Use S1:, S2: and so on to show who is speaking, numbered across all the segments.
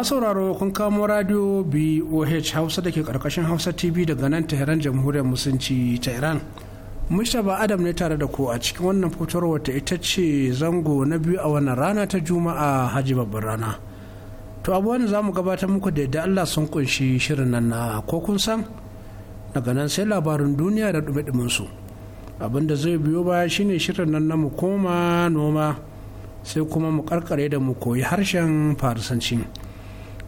S1: masu sauraro kun kamo radio boh hausa da ke karkashin hausa tv daga nan tehran jamhuriyar musulunci ta iran mustapha adam ne tare da ku a cikin wannan fotowar ta ita ce zango na biyu a wannan rana ta juma'a haji babban rana to abubuwan za mu gabatar muku da yadda allah sun kunshi shirin nan na ko kun san daga nan sai labarin duniya da dumi su abin da zai biyo baya shine shirin nan na mu koma noma sai kuma mu karkare da mu koyi harshen farisancin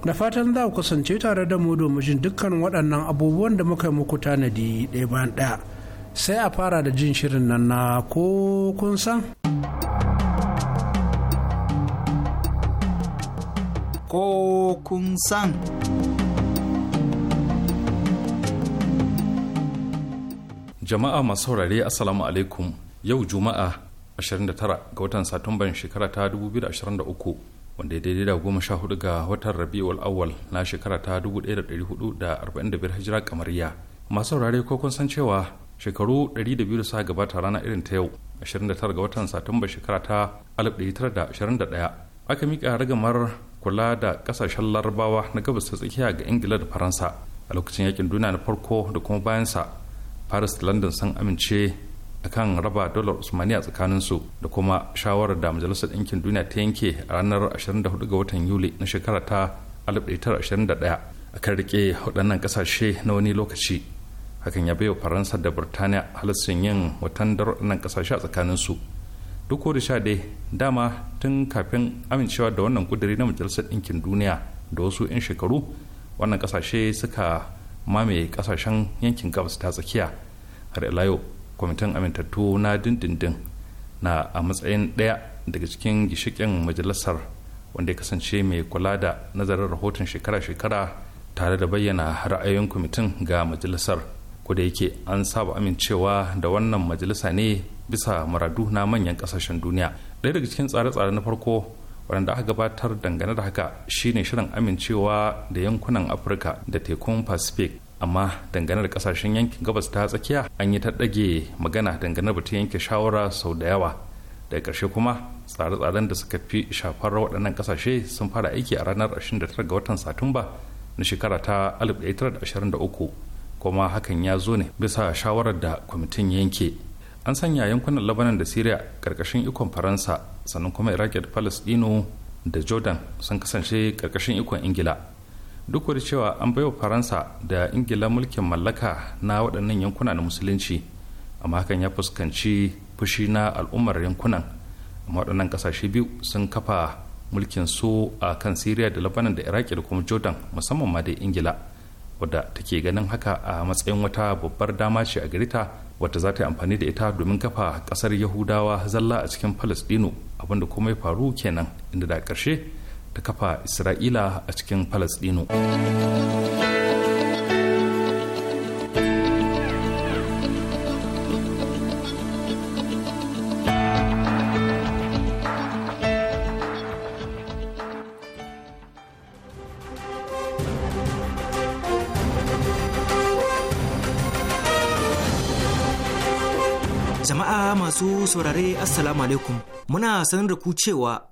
S1: da fatan za ku kasance tare da mu domin jin dukkan waɗannan abubuwan da muka yi muku tanadi ɗaya bayan ɗaya sai a fara da jin shirin nan na ko kun san
S2: ko kun san jama'a masu saurare assalamu alaikum yau juma'a 29 ga watan satumban shekara ta 2023 wanda ya daidai da goma sha hudu ga watan rabiul awwal na shekara ta 1445 hijira kamariya masu saurare ko kun san cewa shekaru 200 suka gabata rana irin ta yau 29 ga watan satumba shekara ta 1921 aka mika ragamar kula da kasashen larabawa na gabas ta tsakiya ga ingila da faransa a lokacin yakin duniya na farko da kuma bayansa paris da london sun amince akan raba dolar usmaniya su da kuma shawarar da majalisar ɗinkin duniya ta yanke a ranar 24 ga watan yuli na shekara ta 1921 kan rike waɗannan ƙasashe na wani lokaci hakan ya baiwa faransa da birtaniya halittun yin watan da waɗannan ƙasashe a tsakaninsu duk da sha dai dama tun kafin amincewa da wannan ƙuduri na majalisar ɗinkin duniya da wasu 'yan shekaru wannan ƙasashe suka mamaye ƙasashen yankin gabas ta tsakiya har ila yau kwamitin amintattu na dindindin na a matsayin ɗaya daga cikin gishikin majalisar wanda ya kasance mai kula da nazarin rahoton shekara-shekara tare da bayyana ra'ayoyin kwamitin ga majalisar da yake an saba amincewa da wannan majalisa ne bisa maradu na manyan kasashen duniya ɗaya daga cikin tsare-tsare na farko waɗanda aka gabatar dangane da haka shine shirin amincewa da yankunan afirka da tekun pacific amma dangane da kasashen yankin gabas ta tsakiya an yi ta ɗage magana dangane batun yanke shawara sau da yawa da ƙarshe kuma tsare-tsaren da suka fi shafar waɗannan ƙasashe sun fara aiki a ranar 29 ga watan satumba na shekara ta 1923 kuma hakan ya zo ne bisa shawarar da kwamitin yanke an sanya yankunan labanan da syria ƙarƙashin ikon faransa sannan kuma iraki da palestino da jordan sun kasance ƙarƙashin ikon ingila duk da cewa an bai wa faransa da ingila mulkin mallaka na waɗannan yankuna na musulunci amma hakan ya fuskanci fushi na al'ummar yankunan amma waɗannan ƙasashe biyu sun kafa mulkin su a kan siriya da labanan da iraki da kuma jordan musamman ma da ingila wadda take ganin haka a matsayin wata babbar dama ce a garita wata za ta yi amfani da ita domin kafa ƙasar yahudawa zalla a cikin palestino abinda kuma ya faru kenan inda da ƙarshe ta kafa isra'ila a cikin Falasɗinu. jama'a masu saurare assalamu alaikum muna sanar da ku cewa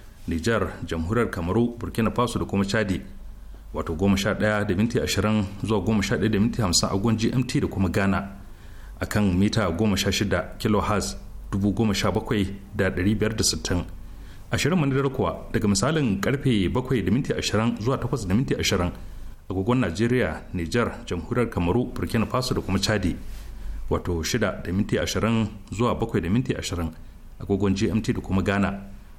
S2: Nijar, jamhuriyar Kamaru, Burkina Faso da kuma Chadi. Wato goma sha ɗaya da minti ashirin zuwa goma sha ɗaya da minti hamsin a gwan GMT da kuma Ghana a kan mita goma sha shida kilo kilohertz dubu goma sha bakwai da ɗari biyar da sittin. Ashirin manadar kuwa daga misalin karfe bakwai da minti ashirin zuwa takwas da minti ashirin a gwagwan Najeriya, Nijar, jamhuriyar Kamaru, Burkina Faso da kuma Chadi. Wato shida da minti ashirin zuwa bakwai da minti ashirin a gwagwan GMT da kuma Ghana.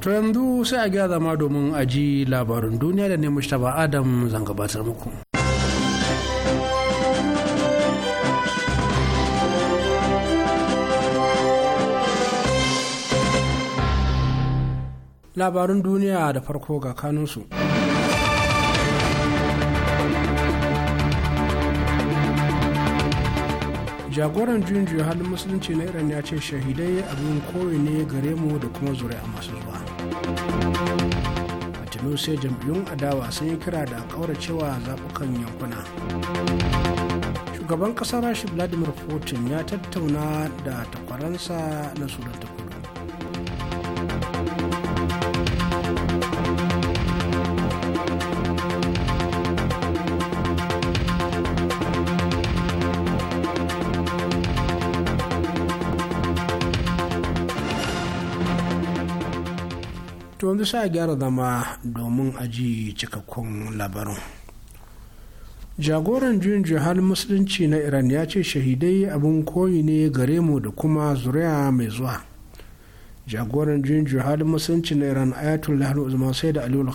S1: to yanzu sai a gyara zama domin a ji labarin duniya da ne mustapha adam zan gabatar muku labarin duniya da farko ga kanunsu jagoran juyin juya halin musulunci na iran ya ce shahidai abin kore ne gare mu da kuma zuri'a masu zuwa a sai jam'iyyun adawa sun yi kira da kauracewa zaɓukan yankuna shugaban ƙasar rashi vladimir putin ya tattauna da takwaransa na sudan to yanzu sa gyara zama domin aji cikakkun labarin jagoran juyin jihar musulunci na iran ya ce shahidai abin koyi ne gare mu da kuma zuriya mai zuwa jagoran juyin jihar musulunci na iran ayatollah al sai da aliyu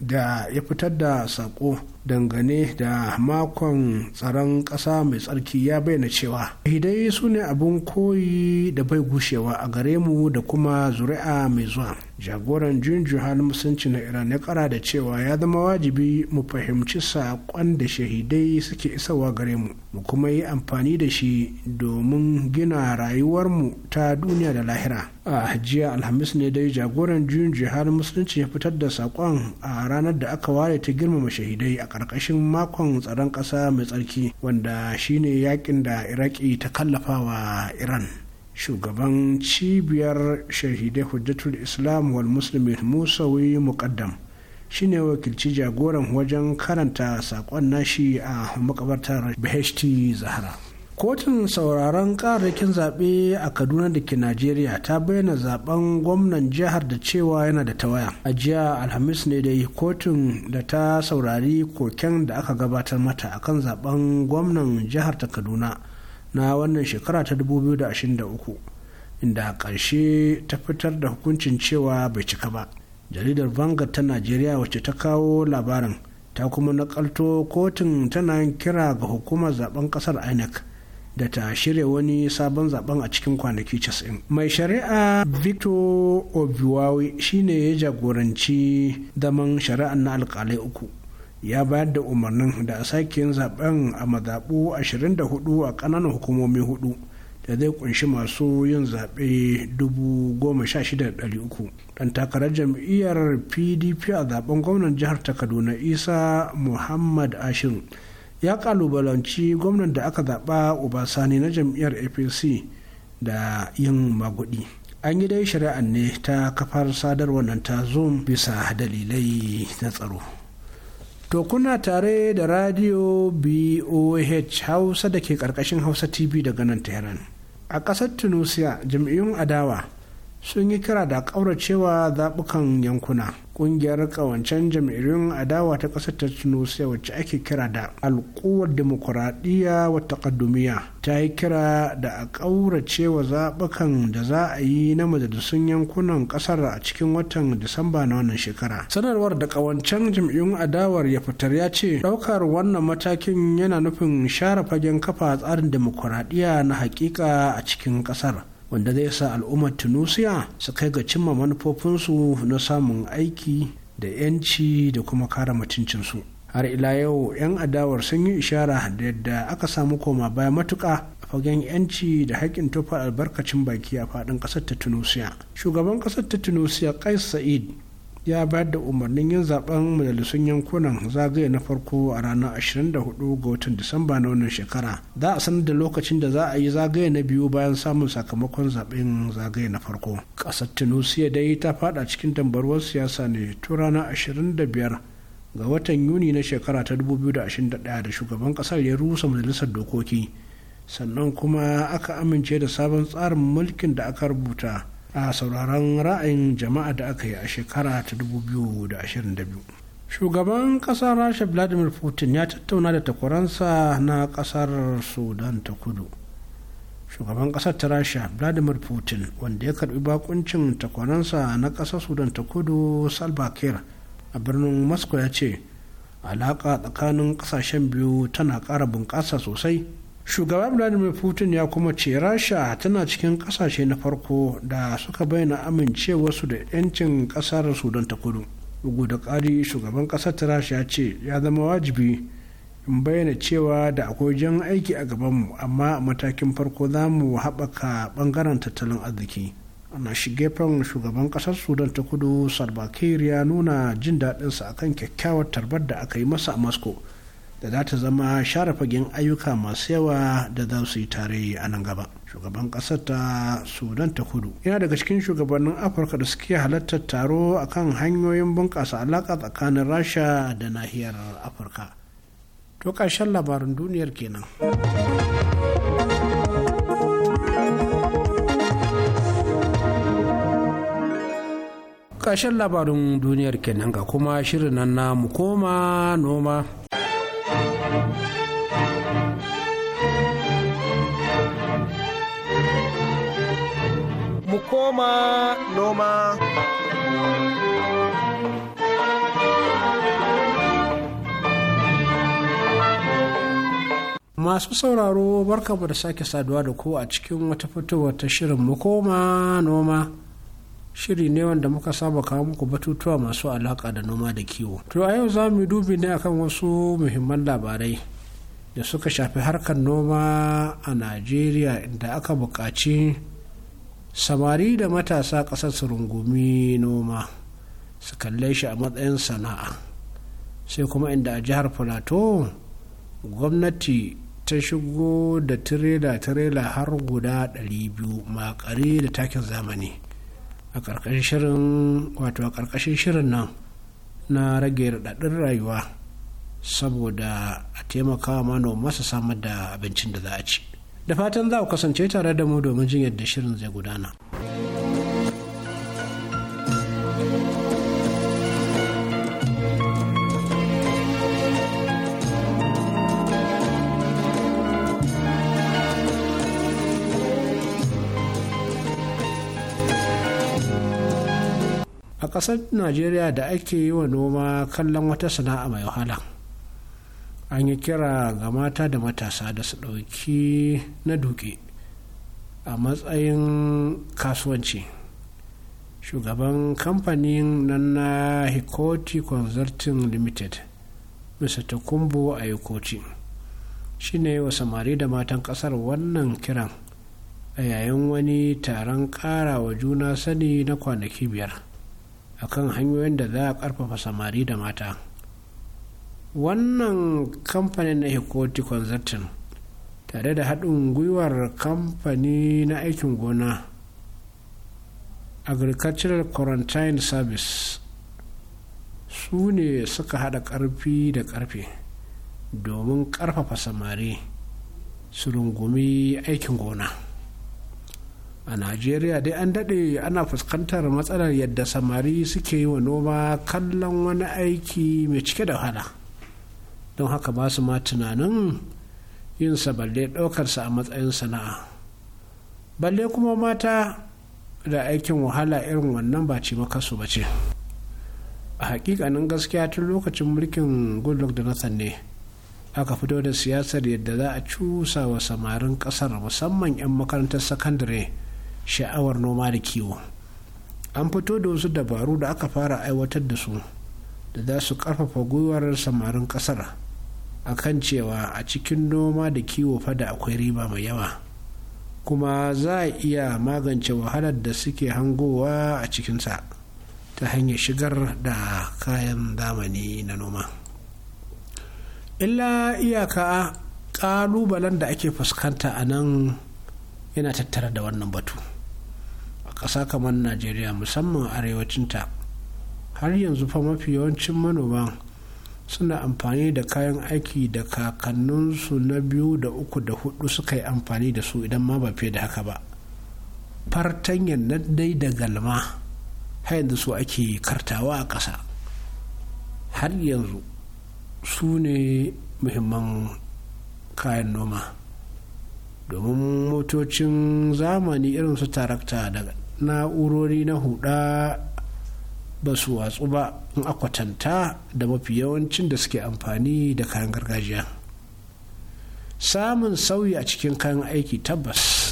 S1: da ya fitar da sako dangane da makon tsaron ƙasa mai tsarki ya bayyana cewa hidai su ne abin koyi da bai gushewa a gare mu da kuma zuri'a mai zuwa jagoran junjuhan musulunci na iran ya kara da cewa ya zama wajibi mu fahimci saƙon da shahidai suke isawa gare mu mu kuma yi amfani da shi domin gina rayuwarmu ta duniya da lahira a jiya alhamis ne dai jagoran junjuhan musulunci ya fitar da saƙon a ranar da aka ware ta girmama shahidai a Karkashin makon tsaron ƙasa mai tsarki wanda shine yakin da iraki ta kallafa wa iran shugaban cibiyar shahidai hujjatul islam wal Musa musawi muqaddam shine wakilci jagoran wajen karanta saƙon nashi a makabartar bht zahra kotun sauraron ƙararrakin zaɓe a kaduna da ke najeriya ta bayyana zaben gwamnan jihar da cewa yana da tawaya a jiya alhamis ne dai kotun da ta saurari koken da aka gabatar mata a kan zaben gwamnan jihar ta kaduna na wannan shekara ta 2023 inda a ƙarshe ta fitar da hukuncin cewa bai cika ba jaridar vangar ta najeriya wacce ta kawo labarin ta kuma nakalto kotun tana kira ga hukumar zaben kasar inec da ta shirya wani sabon zaben a cikin kwanaki 90 mai shari'a victor obiwawi shine ya jagoranci zaman shari'ar na alkalai uku ya bayar da umarnin da a sake yin zaben a mazaɓu 24 a ƙananan hukumomi hudu da zai kunshi masu yin zaɓe uku ɗan takarar jam'iyyar pdp a zaben gwamnan jihar ta kaduna isa muhammad ashirin ya kalubalanci gwamnan da aka zaɓa obasani na jam'iyyar apc da yin magudi an yi dai shari'an ne ta kafar sadarwar nan ta zoom bisa dalilai na tsaro to kuna tare da radio boh hausa da ke karkashin hausa tv daga nan tehran a ƙasar tunisia jam'iyyun adawa sun yi kira da ƙauracewa zaɓukan yankuna ƙungiyar ƙawancen jam'iyyun adawa ta ƙasar ta tunusiya wacce ake kira da alƙuwar demokuraɗiyya wata ƙadumiya ta yi kira da a ƙauracewa zaɓukan da za a yi na majalisun yankunan ƙasar a cikin watan disamba na wannan shekara sanarwar da ƙawancen jam'iyyun adawar ya fitar ya ce ɗaukar wannan matakin yana nufin share fagen kafa tsarin demokuraɗiyya na haƙiƙa a cikin ƙasar wanda zai sa al'ummar tunisia su kai ga cimma manufofinsu na samun aiki da 'yanci da kuma kare mutuncinsu har ila yau 'yan adawar sun yi ishara da yadda aka samu koma baya matuka a fagen 'yanci da haƙƙin tufa albarkacin baki a faɗin ƙasar ta tunisia shugaban ƙasar ta tunisia kais sa'id ya bayar da umarnin yin zaben majalisun yankunan zagaye na farko a ranar 24 ga watan disamba na wannan shekara za a sanar da lokacin da za a yi zagaye na biyu bayan samun sakamakon zaben zagaye na farko ƙasar tunisia dai ta fada cikin tambarwar siyasa ne tun ranar 25 ga watan yuni na shekara ta 2021 da shugaban ƙasar ya rusa majalisar dokoki sannan kuma aka amince da sabon tsarin mulkin da aka rubuta a sauraron ra'ayin jama'a da aka yi a shekara ta 2022 shugaban kasar rasha vladimir putin ya tattauna da takwaransa na kasar sudan ta kudu shugaban kasar ta rasha vladimir putin wanda ya karbi bakuncin takwaransa na kasar sudan ta kudu salva kiir a birnin moscow ya ce alaka tsakanin kasashen biyu tana kara bunƙasa sosai shugaban vladimir putin ya kuma ce rasha tana cikin kasashe na farko da suka bayyana amincewarsu da 'yancin kasar sudan ta kudu bugu da ƙari shugaban ƙasar ta rasha ya ce ya zama wajibi in bayyana cewa da akwai jan aiki a gabanmu amma a matakin farko za mu haɓaka ɓangaren tattalin arziki ana shige gefen shugaban ƙasar sudan ta kudu salva ya nuna jin daɗinsa akan kyakkyawar tarbar da aka yi masa a moscow da za ta zama share fagen ayyuka masu yawa da za su yi tare a nan gaba shugaban ƙasar ta sudan ta kudu yana daga cikin shugabannin afirka da suke halartar taro a kan hanyoyin bunƙasa alaƙa tsakanin rasha da nahiyar afirka to ƙarshen labarin duniyar kenan ƙarshen labarin duniyar kenan ga kuma shirin nan na mu koma noma Mu koma noma. Masu sauraro barka da sake saduwa da ku a cikin wata fitowa ta shirin mu koma noma. shiri ne wanda muka saba kawo muku batutuwa masu alaka da noma da kiwo to a yau za mu dubi ne akan wasu muhimman labarai da suka shafi harkar noma a najeriya inda aka buƙaci samari da matasa ƙasar su rungumi noma su kalle shi a matsayin sana'a sai kuma inda a jihar plateau gwamnati ta shigo da tirela-tirela har guda 200 makare da takin zamani a ƙarƙashin shirin wato a ƙarƙashin shirin nan na rage raɗaɗin rayuwa saboda a taimaka wa manoma su samar da abincin da za a ci da fatan za a kasance tare da mu domin jin yadda shirin zai gudana. a ƙasar najeriya da ake yi wa noma kallon wata sana'a mai wahala an yi kira ga mata da matasa da su ɗauki na duke a matsayin kasuwanci shugaban kamfanin nan na hikoti consulting limited mr takumbo a hikoti shine wa samari da matan kasar wannan kiran a yayin wani taron kara wa juna sani na kwanaki biyar a kan hanyoyin da za a karfafa samari da mata wannan kamfanin na hikoti consulting tare da haɗin gwiwar kamfani na aikin gona agricultural quarantine service su ne suka haɗa ƙarfi da ƙarfe domin ƙarfafa samari su rungumi aikin gona. a najeriya dai an daɗe ana fuskantar matsalar yadda samari suke yi wa noma kallon wani aiki mai cike da wahala don haka ba su ma tunanin yin sa balle ɗaukarsa a matsayin sana'a balle kuma mata da aikin wahala irin wannan ba ce makasu ba ce a hakikanin gaskiya tun lokacin mulkin goodluck da nathan ne aka fito da siyasar yadda za a cusa wa samarin kasar musamman 'yan makarantar sakandare sha'awar noma da kiwo an fito da wasu dabaru da aka fara aiwatar da su da za su karfafa gwiwar samarin kasar a kan cewa a cikin noma da kiwo fada akwai riba mai yawa kuma za a iya magance wahalar da suke hangowa a cikinsa ta hanyar shigar da kayan zamani na noma illa iyaka ƙalubalen da ake fuskanta a nan yana tattara da wannan batu. ƙasa kamar najeriya musamman arewacinta har yanzu fa mafi yawancin manoma suna amfani da kayan aiki da kakanninsu na biyu da uku da hudu suka yi amfani da su idan ma ba fiye da haka ba fartanyan na dai da galma har yanzu su ake kartawa a ƙasa har yanzu su ne muhimman kayan noma domin motocin zamani irin su tarakta da na'urori na huda ba su watsu ba in akwatanta da mafi yawancin da suke amfani da kayan gargajiya samun sauyi a cikin kayan aiki tabbas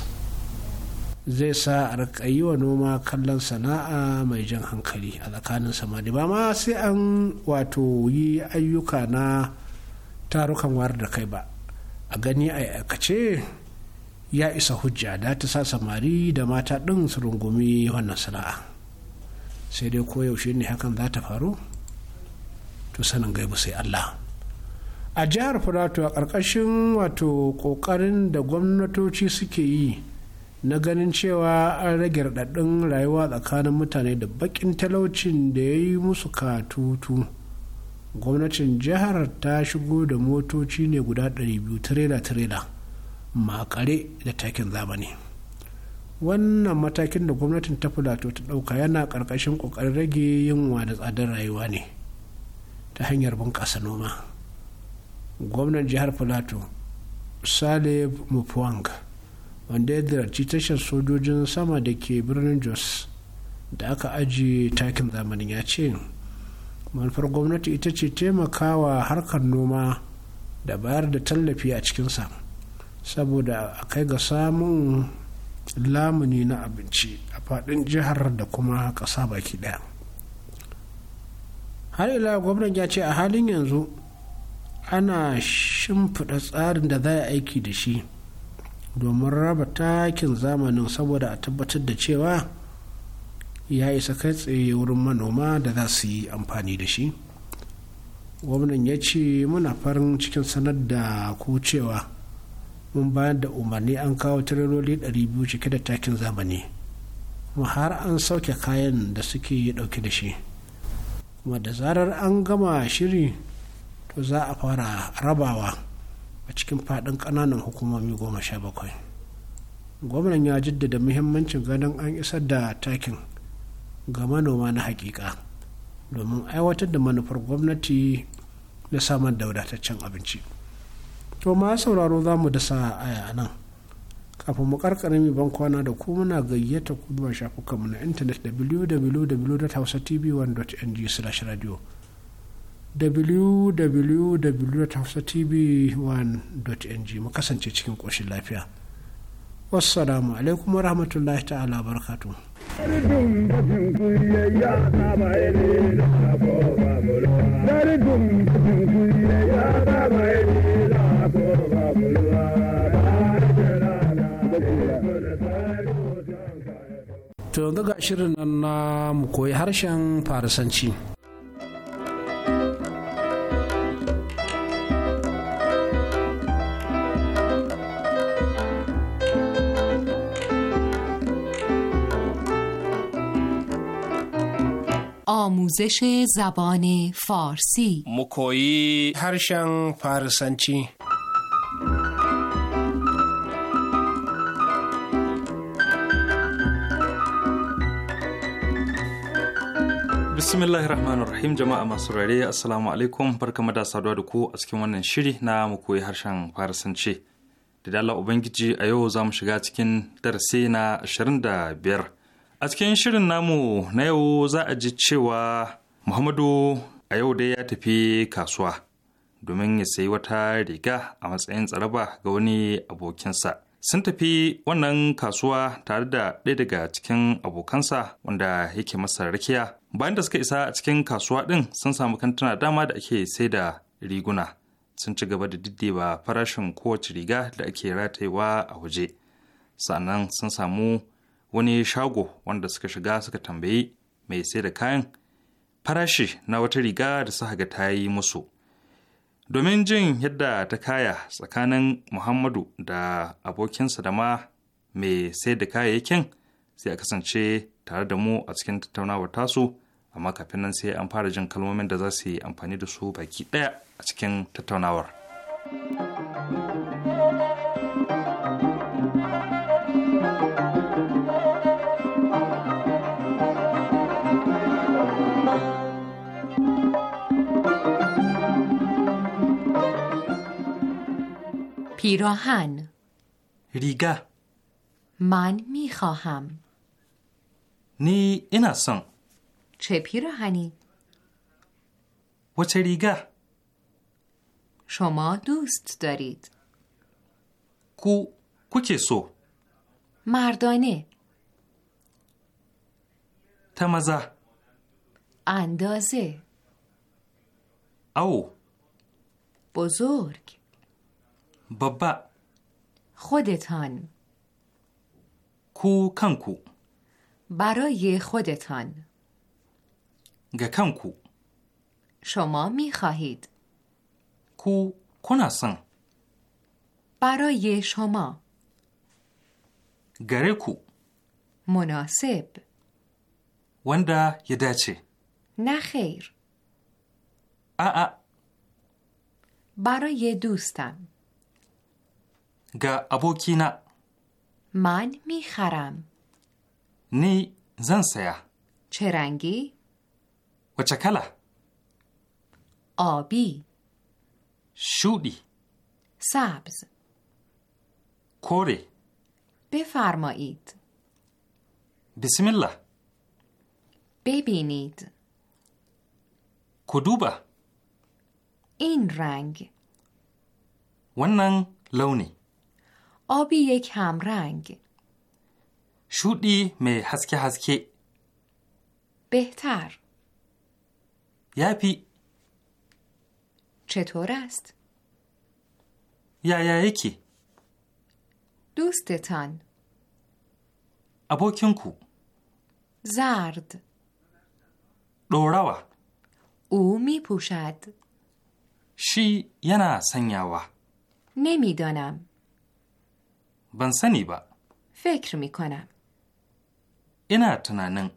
S1: zai sa a yi wa noma kallon sana'a mai jan hankali a tsakanin samani ba ma sai an wato yi ayyuka na tarukan wayar da kai ba a gani a aikace ya isa hujja da ta sa samari da mata ɗin su rungumi wannan sana'a sai dai koyaushe ne hakan za ta faru to sanin gaibu sai allah a jihar filato a ƙarƙashin wato ƙoƙarin da gwamnatoci suke yi na ganin cewa an rage raɗaɗɗin rayuwa tsakanin mutane da baƙin talaucin da ya yi musu katutu gwamnatin jihar ta shigo da motoci ne guda 200 tirela-tirela makare da takin zamani wannan matakin da gwamnatin ta fulato ta ɗauka yana ƙarƙashin ƙoƙarin rage yunwa da tsadar rayuwa ne ta hanyar bunƙasa noma gwamnan jihar filato saleb mufuwang wanda ya ziyarci tashar sojojin sama da ke birnin jos da aka ajiye takin zamani ya ce manufar gwamnati ita ce taimakawa harkar noma da bayar da tallafi a cikin cikinsa saboda a kai ga samun lamuni na abinci a faɗin jihar da kuma ƙasa baki ɗaya har ila gwamnan ya ce a halin yanzu ana shimfiɗa tsarin da za a aiki da shi domin raba takin zamanin saboda a tabbatar da cewa ya isa kai tsaye wurin manoma da za su yi amfani da shi gwamnan ya ce muna farin cikin sanar da ku cewa mun bayar da umarni an kawo ɗari 200 cike da takin zamani kuma har an sauke kayan da suke dauke da shi kuma da zarar an gama shiri to za a fara rabawa a cikin faɗin ƙananan hukumomi goma sha bakwai gwamnan ya jaddada muhimmancin ganin an isar da takin ga manoma na hakika domin aiwatar da manufar gwamnati na samar da wadataccen abinci. to ma sauraro za mu da sa aya nan kafin mu karkare mai ban kwana da ku muna gayyata ku zuwa shafukan mu na intanet www.hausatv1.ng slash radio www.hausatv1.ng mu kasance cikin koshin lafiya wassalamu alaikum wa rahmatullahi ta'ala barkatu Dari dum dum kuye ya ba To yanzu ga shirin nan na mu koyi harshen Farisanci.
S3: آموزش زبان
S1: فارسی مکویی هرشن فارسنچی
S2: bismillahir rahmanir rahim jama'a masu rare assalamu alaikum barkamu da saduwa da ku a cikin wannan shiri na mu koyi harshen farisanci da dala ubangiji a yau za mu shiga cikin darasi na 25 a cikin shirin namu na yau za a ji cewa muhammadu a yau dai ya tafi kasuwa domin ya sayi wata riga a matsayin tsaraba ga wani abokinsa sun tafi wannan kasuwa tare da ɗaya daga cikin abokansa wanda yake masa rakiya bayan da suka isa a cikin kasuwa ɗin sun samu kantuna dama da ake sai da riguna sun ci gaba da diddeba farashin kowace riga da ake ratayewa a waje sannan sun samu wani shago wanda suka shiga suka tambayi mai sai da kayan farashi na wata riga da suka ga ta yi musu domin jin yadda ta kaya tsakanin Muhammadu da abokinsa da ma mai sai da kayayyakin sai a kasance tare da mu a cikin tattaunawar tasu amma kafin nan sai an fara jin kalmomin da za su yi amfani da su baki ɗaya a cikin tattaunawar.
S3: پیراهن ریگا. من میخواهم
S2: نی این
S3: چه پیراهنی؟ و چه ریگا؟ شما دوست دارید
S2: کو چه سو
S3: مردانه تمزه اندازه او بزرگ بابا خودتان
S2: کو کانکو
S3: برای خودتان گکنکو شما می خواهید کو کناسن برای شما گرکو مناسب
S2: وندا یداچه
S3: نه خیر آ برای دوستم
S2: ga abokina na.
S3: Man mi haram.
S2: Ni zan saya.
S3: Cirangi?
S2: wace kala? Obi. Shuɗi. Sabz. Kore.
S3: Be farma it. Bisimillah. Bebin it. Kuduba. In rangi.
S2: Wannan launi.
S3: آبی یک همرنگ
S2: شودی می هسکه هسکه
S3: بهتر یپی چطور است؟
S2: یا یا یکی
S3: دوستتان
S2: ابا کنکو
S3: زرد دوراوا او می پوشد
S2: شی ینا سنیاوا
S3: نمیدانم
S2: ban sani ba. Fikr mi Ina tunanin.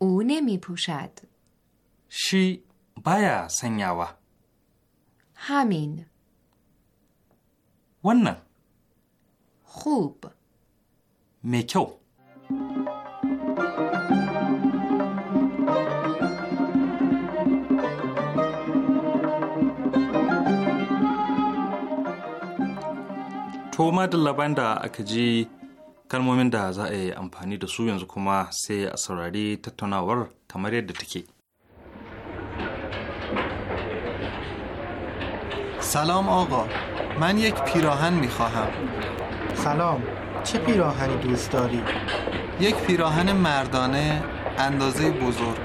S3: Une mi pushad.
S2: Shi baya sanyawa. Hamin. Wannan.
S3: Hub.
S2: Me kyau. thank you To madalla bayan da aka ji kalmomin da za a yi amfani da su yanzu kuma سلام آقا من یک پیراهن میخواهم سلام چه پیراهنی دوست داری؟ یک پیراهن مردانه اندازه بزرگ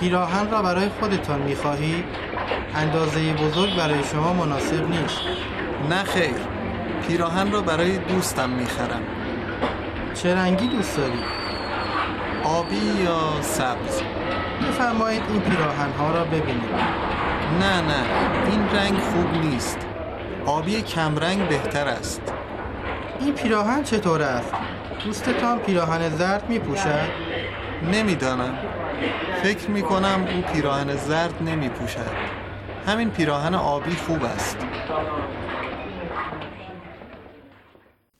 S1: پیراهن را برای خودتان میخواهی؟ اندازه بزرگ برای شما مناسب نیست
S2: نه خیر پیراهن رو برای دوستم میخرم چه رنگی دوست
S1: داری؟ آبی یا سبز بفرمایید این پیراهن ها را ببینید نه نه این رنگ خوب نیست آبی
S2: کمرنگ بهتر است این پیراهن چطور است؟ دوستتان پیراهن زرد می پوشد؟ نمیدانم فکر می کنم او پیراهن زرد نمی پوشد همین پیراهن آبی خوب است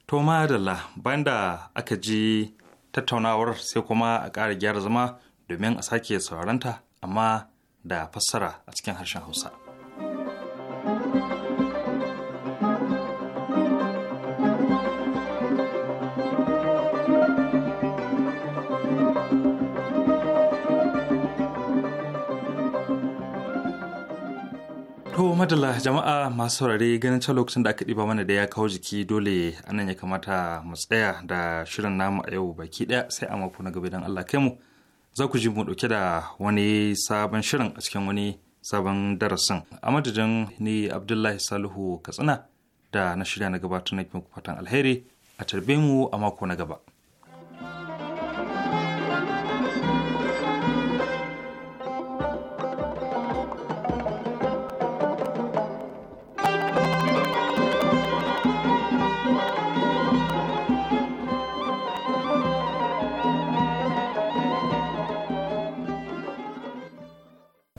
S2: To madalla banda aka ji tattaunawar sai kuma a ƙara gyara zama domin a sake sauranta amma da fassara a cikin harshen Hausa. madalla jama'a masu saurari ganin can lokacin da aka ɗiba mana da ya kawo jiki dole anan ya kamata mu tsaya da shirin namu a yau baki ɗaya sai a mako na gaba idan Allah kai mu za ku ji mu ɗauke da wani sabon shirin a cikin wani sabon darasin a madadin ni Abdullahi Salihu Katsina da na shirya na gabatar na fatan alheri a tarbe mu a mako na gaba.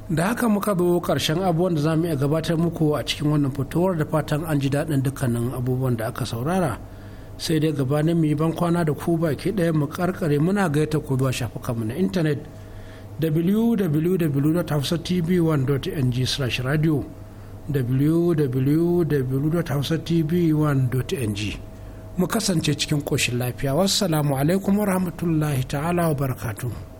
S1: da haka muka zo karshen abubuwan da za mu iya gabatar muku a cikin wannan fitowar da fatan an ji daɗin dukkanin abubuwan da aka saurara sai dai gabanin mu yi ban kwana da ku baki ɗaya mu karkare muna gaita ku zuwa shafukanmu na intanet www.hausatv1.ng/radio www.hausatv1.ng mu kasance cikin ƙoshin lafiya wassalamu alaikum warahmatullahi ta'ala wa barakatuhu